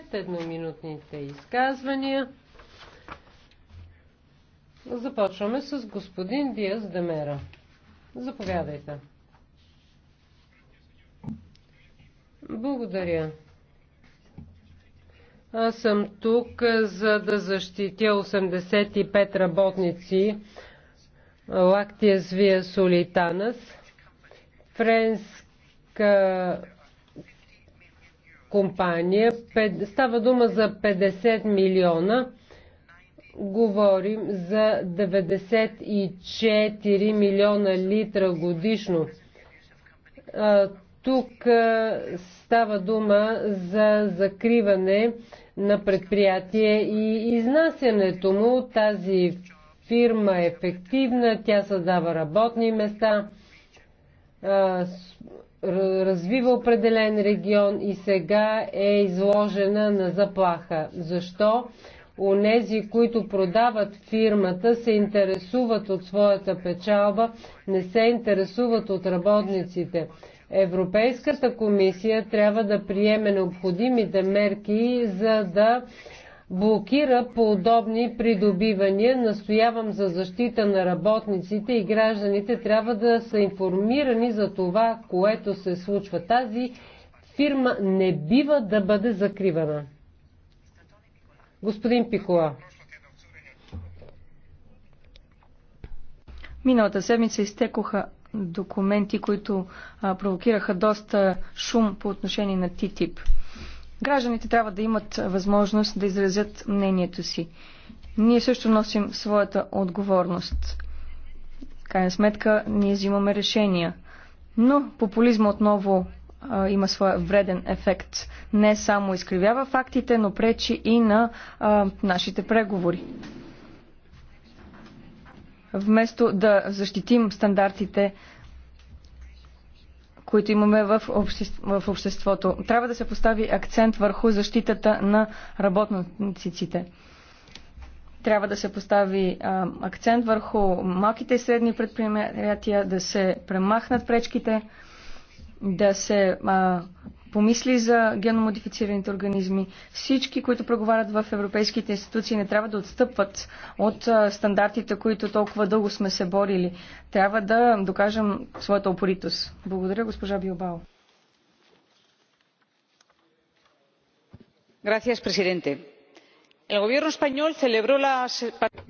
след едноминутните изказвания. Започваме с господин Диас Демера. Заповядайте. Благодаря. Аз съм тук, за да защитя 85 работници Лактия Звия Солитанас, френска компания. Става дума за 50 милиона. Говорим за 94 милиона литра годишно. Тук става дума за закриване на предприятие и изнасянето му. Тази фирма е ефективна, тя създава работни места развива определен регион и сега е изложена на заплаха. Защо? Онези, които продават фирмата, се интересуват от своята печалба, не се интересуват от работниците. Европейската комисия трябва да приеме необходимите мерки, за да блокира подобни придобивания. Настоявам за защита на работниците и гражданите трябва да са информирани за това, което се случва. Тази фирма не бива да бъде закривана. Господин Пикола. Миналата седмица изтекоха документи, които а, провокираха доста шум по отношение на ТИТИП. Гражданите трябва да имат възможност да изразят мнението си. Ние също носим своята отговорност. В крайна сметка, ние взимаме решения. Но популизма отново а, има своя вреден ефект. Не само изкривява фактите, но пречи и на а, нашите преговори. Вместо да защитим стандартите които имаме в, в обществото. Трябва да се постави акцент върху защитата на работниците. Трябва да се постави а, акцент върху малките и средни предприятия, да се премахнат пречките, да се а, помисли за геномодифицираните организми. Всички, които преговарят в европейските институции, не трябва да отстъпват от стандартите, които толкова дълго сме се борили. Трябва да докажем своята опоритост. Благодаря, госпожа Билбао. Gracias, presidente. El gobierno español celebró la...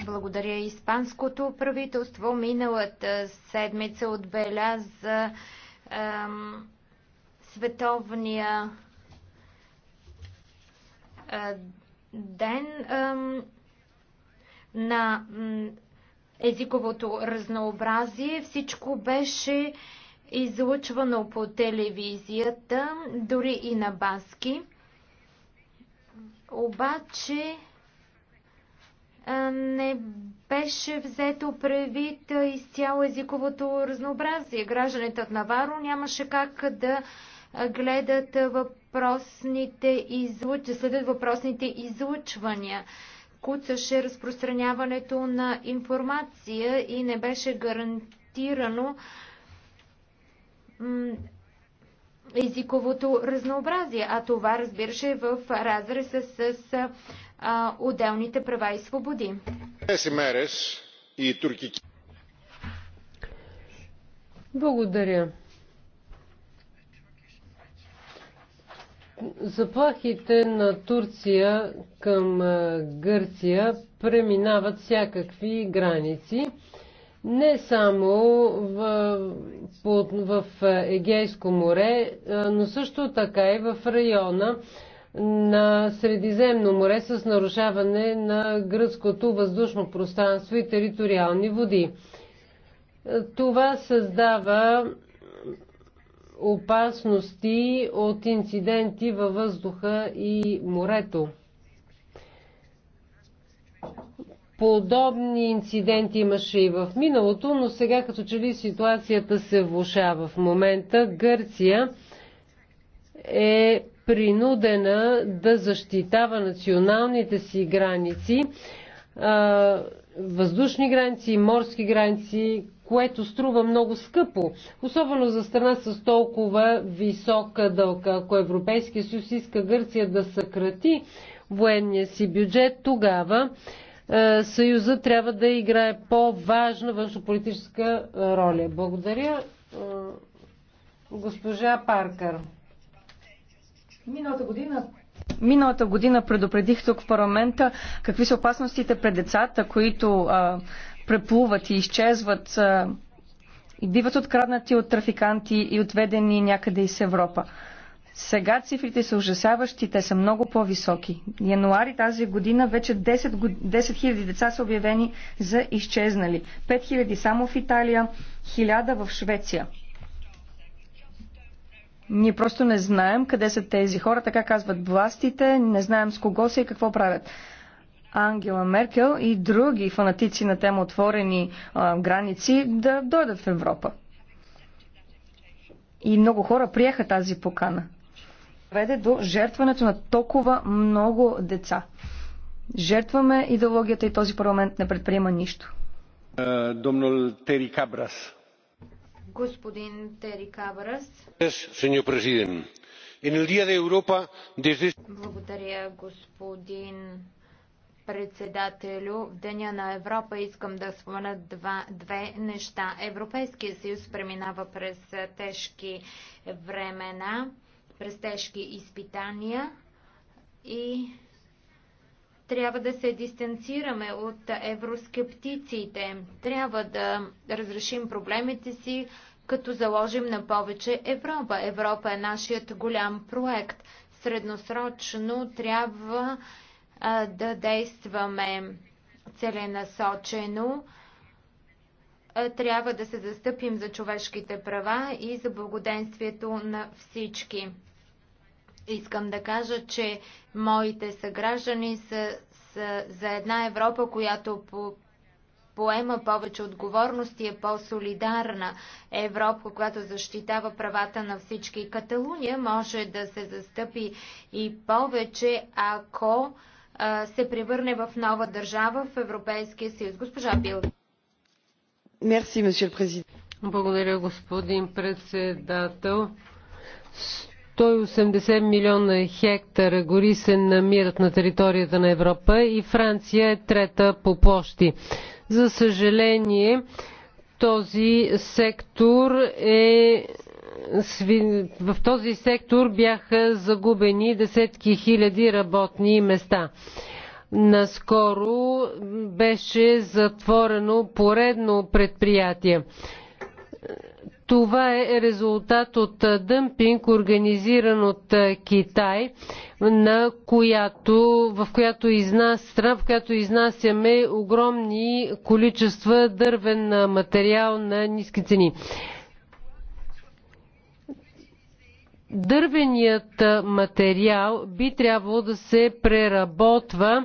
Благодаря. Испанското правителство миналата седмица отбеляза за световния ден на езиковото разнообразие. Всичко беше излъчвано по телевизията, дори и на баски. Обаче не беше взето предвид изцяло езиковото разнообразие. Гражданите от Наваро нямаше как да гледат въпросните излуч... следят въпросните излучвания. Куцаше разпространяването на информация и не беше гарантирано езиковото разнообразие, а това разбираше е в разрез с, с, а, отделните права и свободи. Благодаря. Заплахите на Турция към Гърция преминават всякакви граници. Не само в, в, в Егейско море, но също така и в района на Средиземно море с нарушаване на гръцкото въздушно пространство и териториални води. Това създава опасности от инциденти във въздуха и морето. Подобни инциденти имаше и в миналото, но сега като че ли ситуацията се влушава. В момента Гърция е принудена да защитава националните си граници въздушни граници, морски граници, което струва много скъпо, особено за страна с толкова висока дълга. Ако Европейския съюз иска Гърция да съкрати военния си бюджет, тогава е, Съюза трябва да играе по-важна външополитическа роля. Благодаря, е, госпожа Паркър. Миналата година Миналата година предупредих тук в парламента какви са опасностите пред децата, които а, преплуват и изчезват а, и биват откраднати от трафиканти и отведени някъде из Европа. Сега цифрите са ужасяващи, те са много по-високи. Януари тази година вече 10, 000 деца са обявени за изчезнали. 5 000 само в Италия, 1000 в Швеция. Ние просто не знаем къде са тези хора, така казват властите, не знаем с кого са и какво правят. Ангела Меркел и други фанатици на тема отворени а, граници да дойдат в Европа. И много хора приеха тази покана. Веде до жертването на толкова много деца. Жертваме идеологията и този парламент не предприема нищо. Е, Домнул Тери Кабрас. Господин Тери Благодаря, господин председателю, в Деня на Европа искам да спомена две неща. Европейският съюз преминава през тежки времена, през тежки изпитания и трябва да се дистанцираме от евроскептиците. Трябва да разрешим проблемите си, като заложим на повече Европа. Европа е нашият голям проект. Средносрочно трябва а, да действаме целенасочено. А, трябва да се застъпим за човешките права и за благоденствието на всички. Искам да кажа, че моите съграждани са, са за една Европа, която по, поема повече отговорност и е по-солидарна. Европа, която защитава правата на всички. Каталуния може да се застъпи и повече, ако а, се превърне в нова държава в Европейския съюз. Госпожа Бил. Благодаря, господин председател. 180 милиона хектара гори се намират на територията на Европа и Франция е трета по площи. За съжаление, този сектор е в този сектор бяха загубени десетки хиляди работни места. Наскоро беше затворено поредно предприятие това е резултат от дъмпинг, организиран от е, Китай, на която, в която изнас, страна, в която изнасяме огромни количества дървен е, материал на ниски цени. Дървеният е, материал би трябвало да се преработва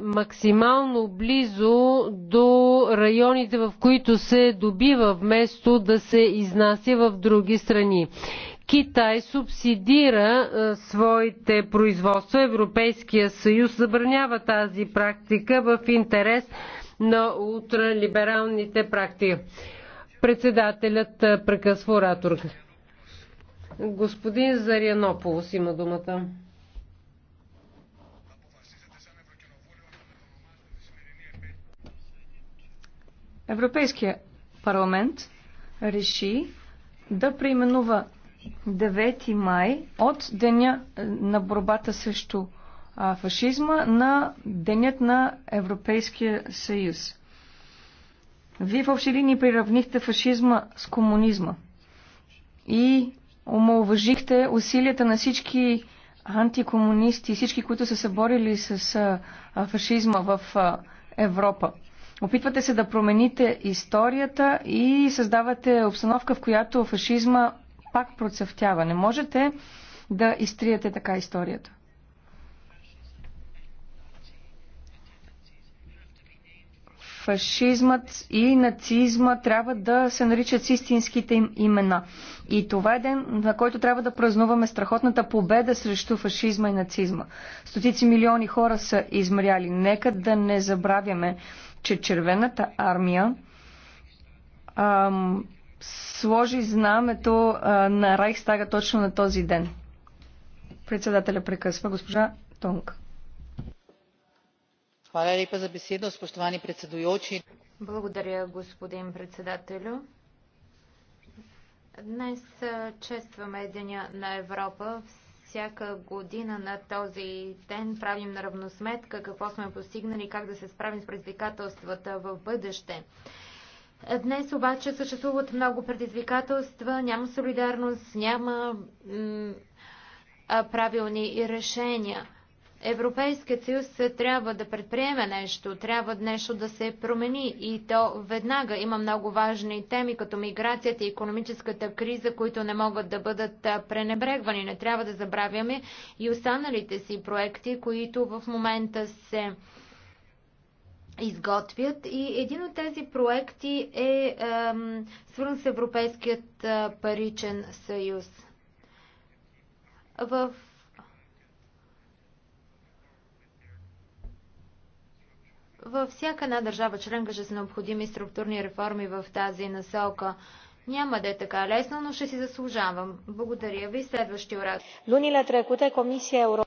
максимално близо до районите, в които се добива, вместо да се изнася в други страни. Китай субсидира своите производства. Европейския съюз забранява тази практика в интерес на ултралибералните практики. Председателят прекъсва ораторка. Господин Зарянополос има думата. Европейския парламент реши да преименува 9 май от деня е, на борбата срещу фашизма на денят на Европейския съюз. Вие в общи линии приравнихте фашизма с комунизма и омалважихте усилията на всички антикомунисти, всички, които са се борили с фашизма в Европа. Опитвате се да промените историята и създавате обстановка, в която фашизма пак процъфтява. Не можете да изтриете така историята. фашизмът и нацизма трябва да се наричат с истинските им имена. И това е ден, на който трябва да празнуваме страхотната победа срещу фашизма и нацизма. Стотици милиони хора са измряли. Нека да не забравяме, че Червената армия ам, сложи знамето а, на Райхстага точно на този ден. Председателя прекъсва госпожа Тонг. Hvala lepa за беседа, spoštovani predsedujoči. Благодаря, господин председателю. Днес честваме Деня на Европа всяка година на този ден правим на равносметка какво сме постигнали и как да се справим с предизвикателствата в бъдеще. Днес обаче съществуват много предизвикателства, няма солидарност, няма правилни решения. Европейският съюз трябва да предприеме нещо, трябва нещо да се промени и то веднага. Има много важни теми, като миграцията и економическата криза, които не могат да бъдат пренебрегвани. Не трябва да забравяме и останалите си проекти, които в момента се изготвят. И един от тези проекти е ем, свързан с Европейският паричен съюз. В Във всяка една държава членка ще са необходими структурни реформи в тази насока. Няма да е така лесно, но ще си заслужавам. Благодаря ви. следващи урок. Лунile trecute Комисия Европа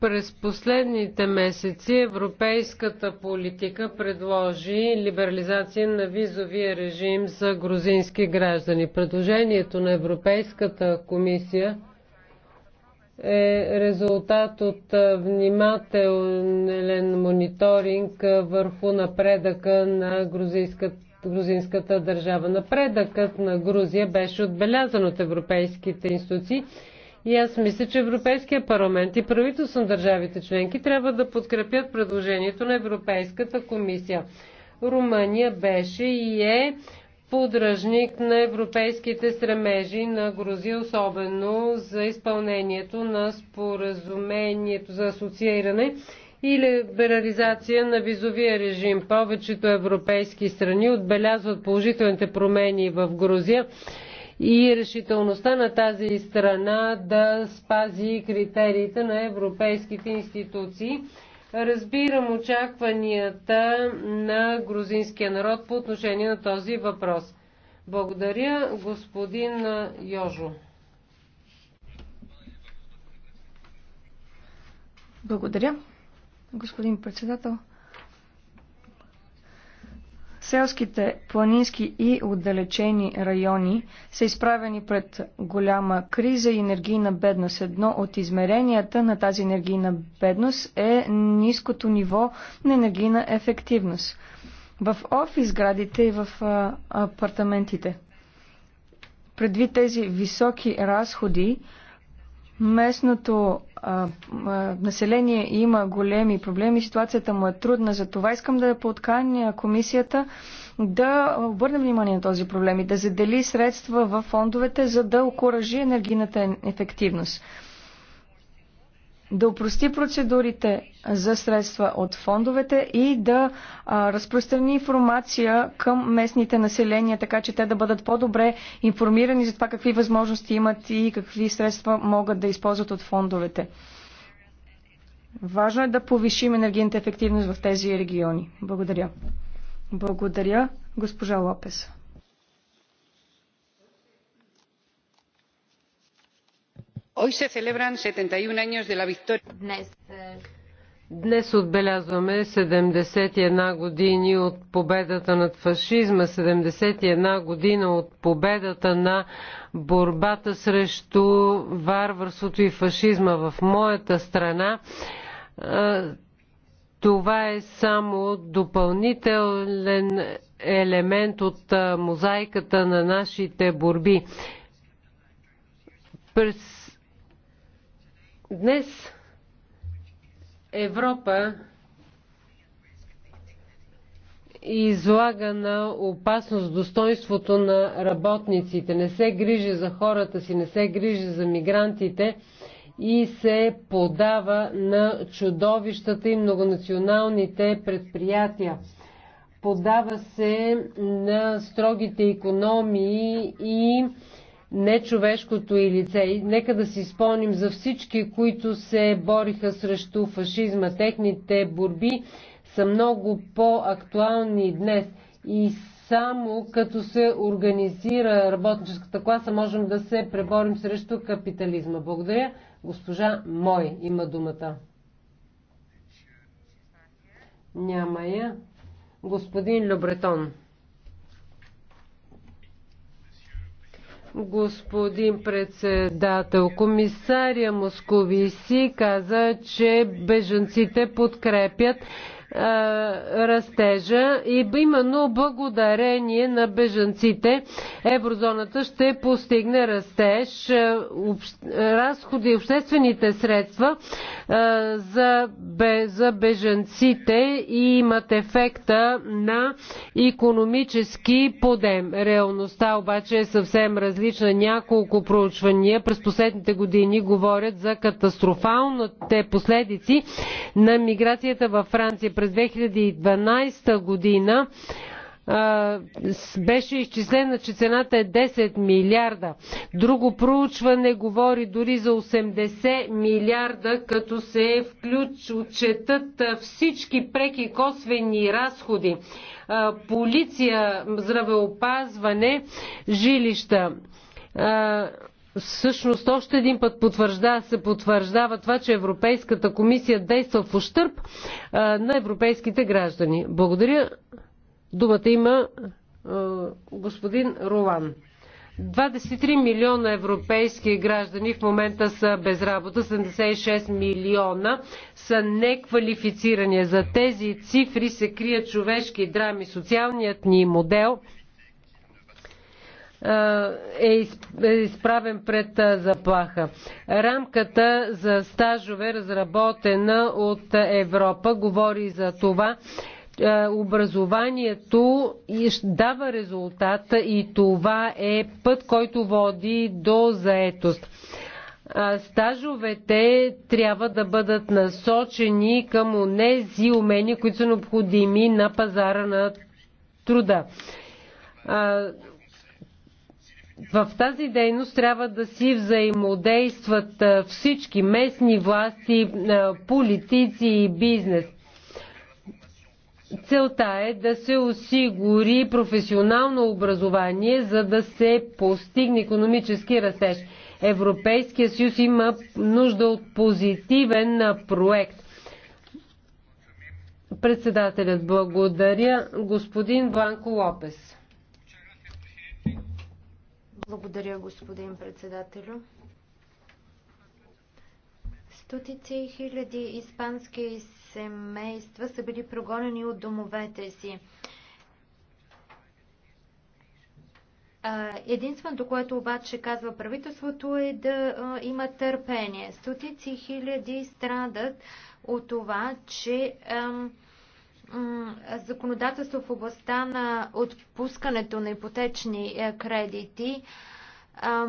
през последните месеци европейската политика предложи либерализация на визовия режим за грузински граждани. Предложението на Европейската комисия е резултат от внимателен мониторинг върху напредъка на грузийската грузинската държава. Напредъкът на Грузия беше отбелязан от европейските институции и аз мисля, че Европейския парламент и правителство на държавите членки трябва да подкрепят предложението на Европейската комисия. Румъния беше и е подръжник на европейските стремежи на Грузия, особено за изпълнението на споразумението за асоцииране и либерализация на визовия режим. Повечето европейски страни отбелязват положителните промени в Грузия и решителността на тази страна да спази критериите на европейските институции. Разбирам очакванията на грузинския народ по отношение на този въпрос. Благодаря, господин Йожо. Благодаря, господин председател. Селските, планински и отдалечени райони са изправени пред голяма криза и енергийна бедност. Едно от измеренията на тази енергийна бедност е ниското ниво на енергийна ефективност в офис градите и в апартаментите. Предвид тези високи разходи, местното а, а, население има големи проблеми, ситуацията му е трудна. Затова искам да подканя комисията да обърне внимание на този проблем и да задели средства в фондовете, за да окоръжи енергийната ефективност да упрости процедурите за средства от фондовете и да а, разпространи информация към местните населения, така че те да бъдат по-добре информирани за това какви възможности имат и какви средства могат да използват от фондовете. Важно е да повишим енергийната ефективност в тези региони. Благодаря. Благодаря, госпожа Лопес. Е, Днес отбелязваме 71 години от победата над фашизма, 71 година от победата на борбата срещу варварството и фашизма в моята страна. Е, това е само допълнителен елемент от е, мозайката на нашите борби. През Днес Европа излага на опасност достоинството на работниците, не се грижи за хората си, не се грижи за мигрантите и се подава на чудовищата и многонационалните предприятия. Подава се на строгите економии и нечовешкото и лице. Нека да си спомним за всички, които се бориха срещу фашизма. Техните борби са много по-актуални днес и само като се организира работническата класа можем да се преборим срещу капитализма. Благодаря. Госпожа Мой има думата. Няма я. Господин Любретон. Господин председател, комисаря Московиси каза, че беженците подкрепят растежа и именно благодарение на бежанците еврозоната ще постигне растеж. Разходи обществените средства за, за бежанците и имат ефекта на економически подем. Реалността обаче е съвсем различна. Няколко проучвания през последните години говорят за катастрофалните последици на миграцията във Франция през 2012 година беше изчислена, че цената е 10 милиарда. Друго проучване говори дори за 80 милиарда, като се включ, отчетат всички преки косвени разходи. Полиция, здравеопазване, жилища всъщност още един път потвържда, се потвърждава това, че Европейската комисия действа в ущърп на европейските граждани. Благодаря. Думата има господин Ролан. 23 милиона европейски граждани в момента са без работа, 76 милиона са неквалифицирани. За тези цифри се крият човешки драми. Социалният ни модел – е, е изправен пред заплаха. Рамката за стажове, разработена от Европа, говори за това, е, образованието дава резултат и това е път, който води до заетост. Стажовете трябва да бъдат насочени към онези умения, които са необходими на пазара на труда в тази дейност трябва да си взаимодействат всички местни власти, политици и бизнес. Целта е да се осигури професионално образование, за да се постигне економически растеж. Европейския съюз има нужда от позитивен проект. Председателят благодаря господин Бланко Лопес. Благодаря, господин председателю. Стотици хиляди испански семейства са били прогонени от домовете си. Единственото, което обаче казва правителството е да има търпение. Стотици хиляди страдат от това, че ам, законодателство в областта на отпускането на ипотечни е, кредити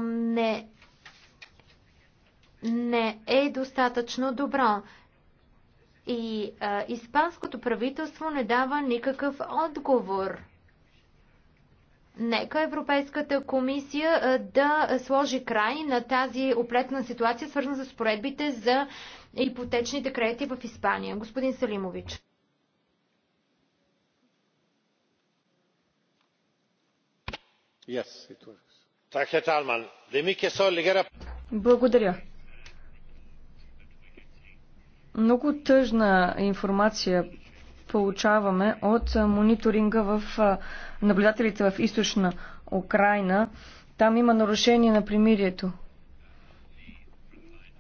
не, не е достатъчно добро. И а, испанското правителство не дава никакъв отговор. Нека Европейската комисия а, да сложи край на тази оплетна ситуация, свързана с поредбите за ипотечните кредити в Испания. Господин Салимович. Благодаря. Много тъжна информация получаваме от мониторинга в наблюдателите в източна Украина. Там има нарушение на примирието.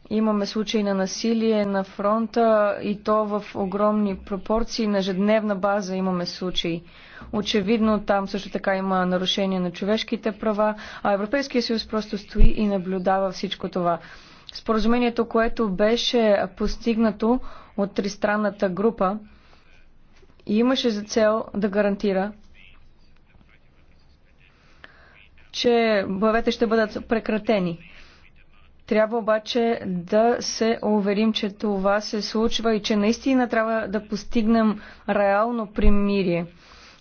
Имаме случаи на насилие на фронта и то в огромни пропорции. На ежедневна база имаме случаи. Очевидно там също така има нарушение на човешките права, а Европейския съюз просто стои и наблюдава всичко това. Споразумението, което беше постигнато от тристранната група, имаше за цел да гарантира че боевете ще бъдат прекратени. Трябва обаче да се уверим, че това се случва и че наистина трябва да постигнем реално примирие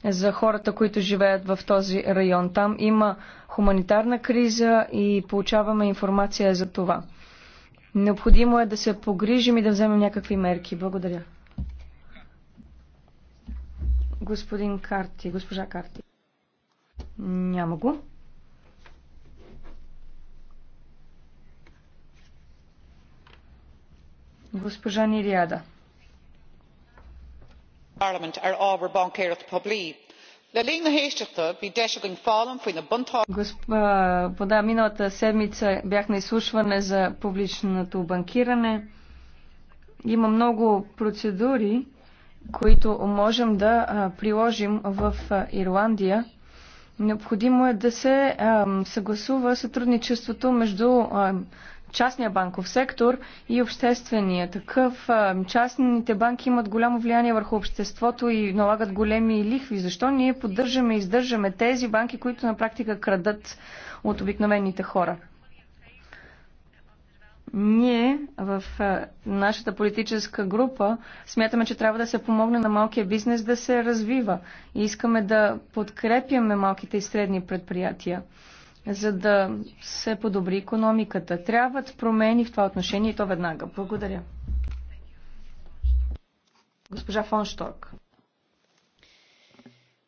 за хората, които живеят в този район. Там има хуманитарна криза и получаваме информация за това. Необходимо е да се погрижим и да вземем някакви мерки. Благодаря. Господин Карти, госпожа Карти. Няма го. Госпожа Нириада. Господа, миналата седмица бях на изслушване за публичното банкиране. Има много процедури, които можем да приложим в Ирландия. Необходимо е да се съгласува сътрудничеството между частния банков сектор и обществения такъв. Частните банки имат голямо влияние върху обществото и налагат големи лихви. Защо ние поддържаме и издържаме тези банки, които на практика крадат от обикновените хора? Ние в нашата политическа група смятаме, че трябва да се помогне на малкия бизнес да се развива. И искаме да подкрепяме малките и средни предприятия за да се подобри економиката. Трябват промени в това отношение и то веднага. Благодаря. Госпожа Фоншток.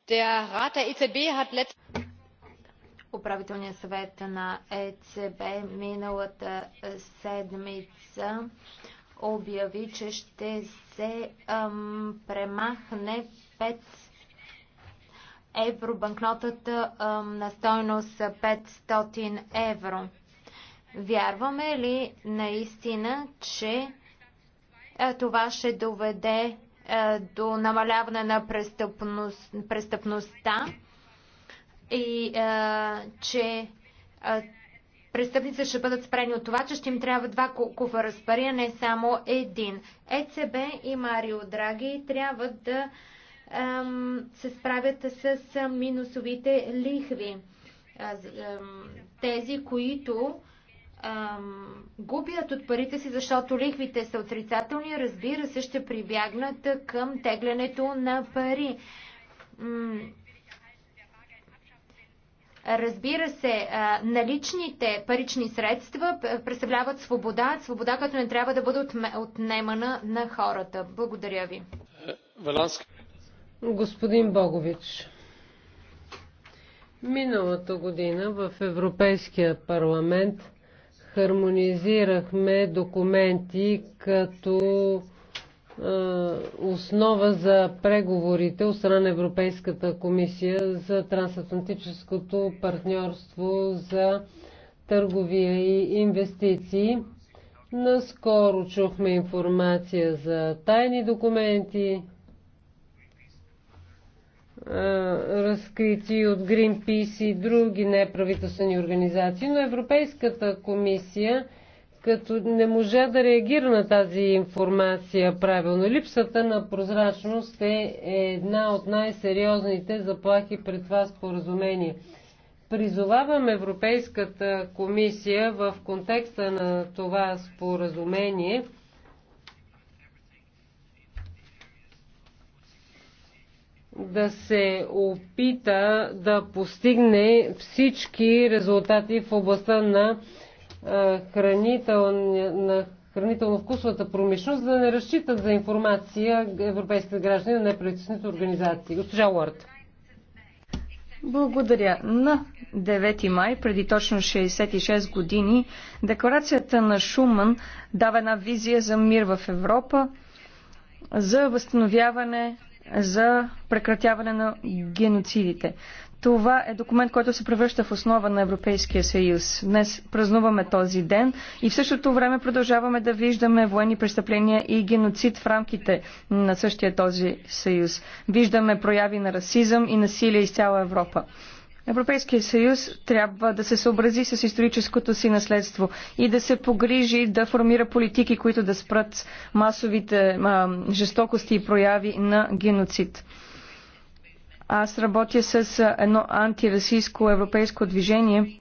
E Управителният съвет на ЕЦБ миналата е, седмица обяви, че ще се ам, премахне евро, банкнотата на стойност 500 евро. Вярваме ли наистина, че това ще доведе до намаляване на престъпност, престъпността и че престъпници ще бъдат спрени от това, че ще им трябва два куфара с пари, а не само един. ЕЦБ и Марио Драги трябва да се справят с минусовите лихви. Тези, които губят от парите си, защото лихвите са отрицателни, разбира се, ще прибягнат към теглянето на пари. Разбира се, наличните парични средства представляват свобода, свобода, като не трябва да бъде отнемана на хората. Благодаря ви. Господин Богович, миналата година в Европейския парламент хармонизирахме документи като основа за преговорите от страна на Европейската комисия за трансатлантическото партньорство за търговия и инвестиции. Наскоро чухме информация за тайни документи, разкрити от Greenpeace и други неправителствени организации, но Европейската комисия като не можа да реагира на тази информация правилно. Липсата на прозрачност е една от най-сериозните заплахи пред това споразумение. Призовавам Европейската комисия в контекста на това споразумение – да се опита да постигне всички резултати в областта на, на хранително-вкусовата промишленост, да не разчитат за информация европейските граждани на неправителствените организации. Госпожа Уорд. Благодаря. На 9 май, преди точно 66 години, декларацията на Шуман дава една визия за мир в Европа, за възстановяване за прекратяване на геноцидите. Това е документ, който се превръща в основа на Европейския съюз. Днес празнуваме този ден и в същото време продължаваме да виждаме военни престъпления и геноцид в рамките на същия този съюз. Виждаме прояви на расизъм и насилие из цяла Европа. Европейския съюз трябва да се съобрази с историческото си наследство и да се погрижи да формира политики, които да спрат масовите а, жестокости и прояви на геноцид. Аз работя с едно антирасийско европейско движение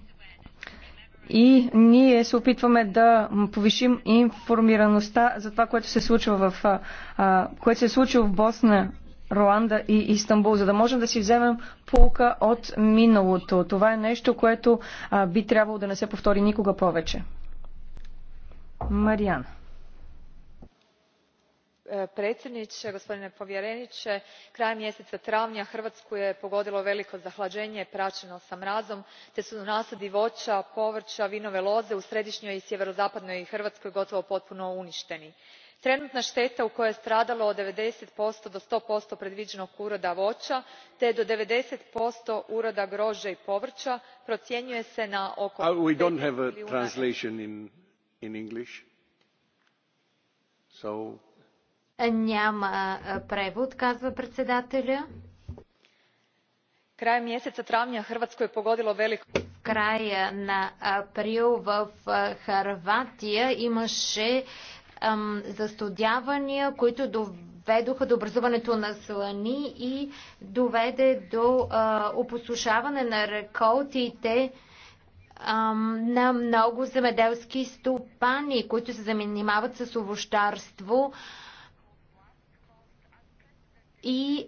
и ние се опитваме да повишим информираността за това, което се случва в, а, което се е случило в Босна Руанда и Истанбул, за да можем да си вземем полка от миналото. Това е нещо, което а, би трябвало да не се повтори никога повече. Мариан. Predsjedniče, gospodine povjereniče, krajem mjeseca travnja Hrvatsku je pogodilo veliko zahlađenje praćeno sa mrazom, te su nasadi voća, povrća, vinove loze u središnjoj i sjeverozapadnoj Hrvatskoj gotovo potpuno uništeni trenutna teta u kojoj je stradalo od ninety do one predvienog uroda voa te do ninety uroda groa i povra procjenjuje se na oko five milijuna eura. krajem mjeseca travnja hrvatsku je pogodilo veliko. в края на април в ам, застудявания, които доведоха до образуването на слани и доведе до а, опосушаване на реколтите на много земеделски стопани, които се занимават с овощарство и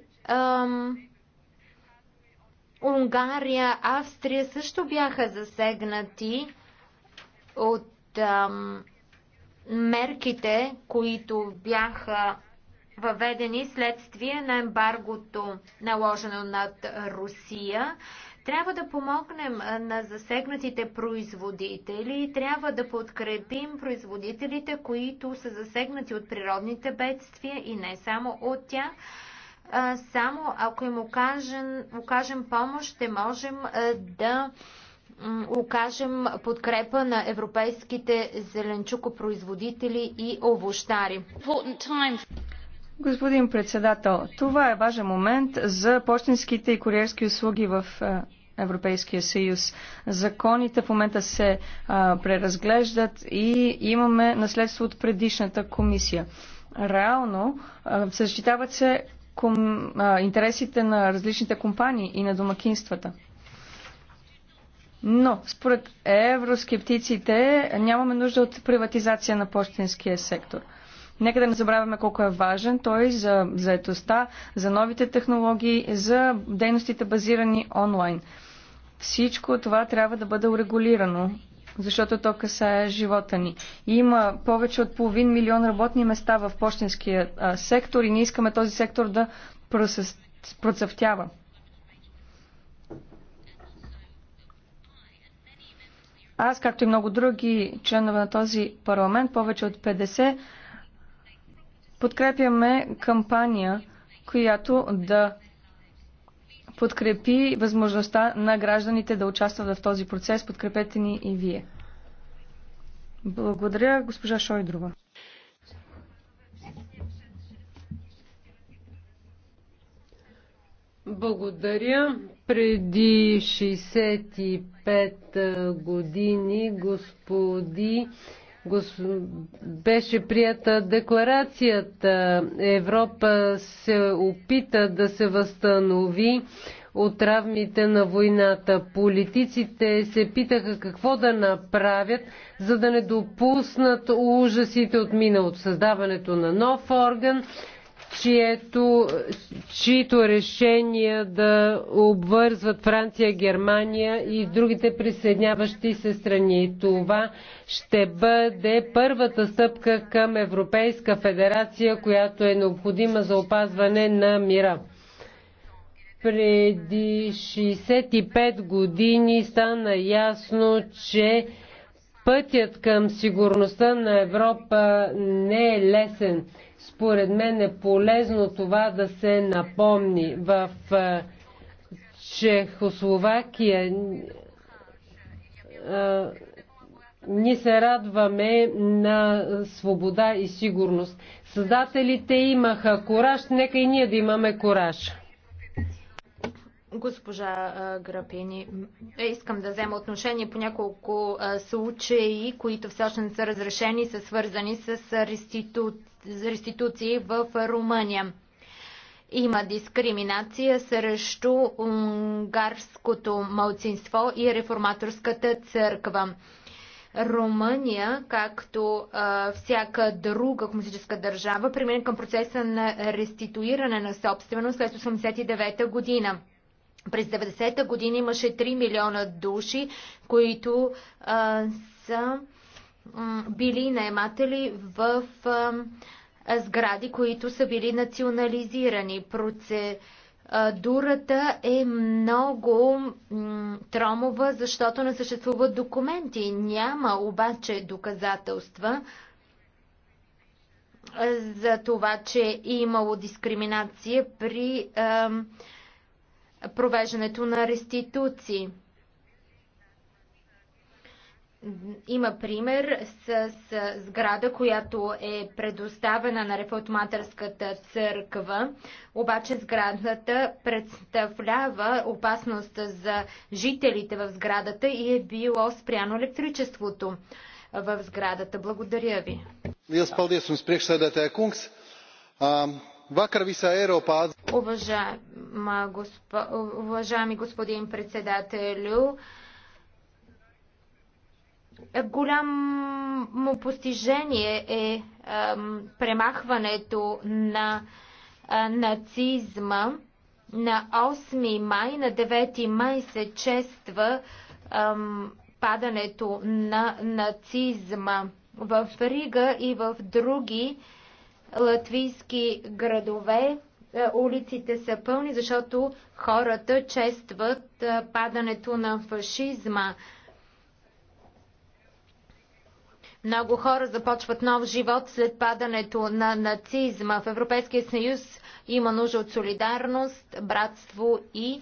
Унгария, Австрия също бяха засегнати от мерките, които бяха въведени следствие на ембаргото, наложено над Русия. Трябва да помогнем на засегнатите производители, трябва да подкрепим производителите, които са засегнати от природните бедствия и не само от тях. Само ако им окажем, окажем помощ, ще можем да окажем подкрепа на европейските зеленчукопроизводители и овощари. Господин председател, това е важен момент за почтенските и куриерски услуги в е, Европейския съюз. Законите в момента се а, е, преразглеждат и имаме наследство от предишната комисия. Реално а, е, защитават се ком, а, интересите на различните компании и на домакинствата. Но, според евроскептиците, нямаме нужда от приватизация на почтенския сектор. Нека да не забравяме колко е важен той за заетостта, за новите технологии, за дейностите базирани онлайн. Всичко това трябва да бъде урегулирано, защото то касае живота ни. Има повече от половин милион работни места в почтенския сектор и ние искаме този сектор да процъфтява. Аз, както и много други членове на този парламент, повече от 50, подкрепяме кампания, която да подкрепи възможността на гражданите да участват в този процес. Подкрепете ни и вие. Благодаря, госпожа Шойдрова. Благодаря. Преди 65 години господи гос... беше прията декларацията. Европа се опита да се възстанови от травмите на войната. Политиците се питаха какво да направят, за да не допуснат ужасите от миналото. Създаването на нов орган, чието, чието решения да обвързват Франция, Германия и другите присъединяващи се страни. Това ще бъде първата стъпка към Европейска федерация, която е необходима за опазване на мира. Преди 65 години стана ясно, че Пътят към сигурността на Европа не е лесен. Според мен е полезно това да се напомни. В Чехословакия ние се радваме на свобода и сигурност. Създателите имаха кораж, нека и ние да имаме кораж. Госпожа Грапини, е, искам да взема отношение по няколко случаи, които все още не са разрешени, са свързани с реститу... реституции в Румъния. Има дискриминация срещу унгарското малцинство и реформаторската църква. Румъния, както а, всяка друга комунистическа държава, премина към процеса на реституиране на собственост след 1989 година. През 90-та година имаше 3 милиона души, които а, са а, били наематели в а, сгради, които са били национализирани. Процедурата е много м, тромова, защото не съществуват документи. Няма обаче доказателства за това, че е имало дискриминация при. А, провеждането на реституции. Има пример с, с сграда, която е предоставена на реформаторската църква, обаче сградата представлява опасност за жителите в сградата и е било спряно електричеството в сградата. Благодаря ви. Е Уважаеми уважаеми господин председателю. Голямо постижение е премахването на нацизма. На 8 май, на 9 май се чества падането на нацизма в Рига и в други латвийски градове е, улиците са пълни, защото хората честват е, падането на фашизма. Много хора започват нов живот след падането на нацизма. В Европейския съюз има нужда от солидарност, братство и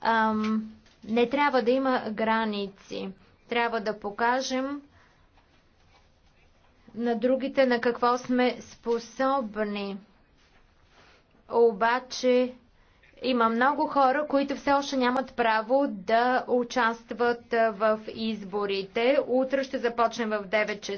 ам, не трябва да има граници. Трябва да покажем на другите на какво сме способни обаче има много хора, които все още нямат право да участват в изборите. Утре ще започнем в 9 часа.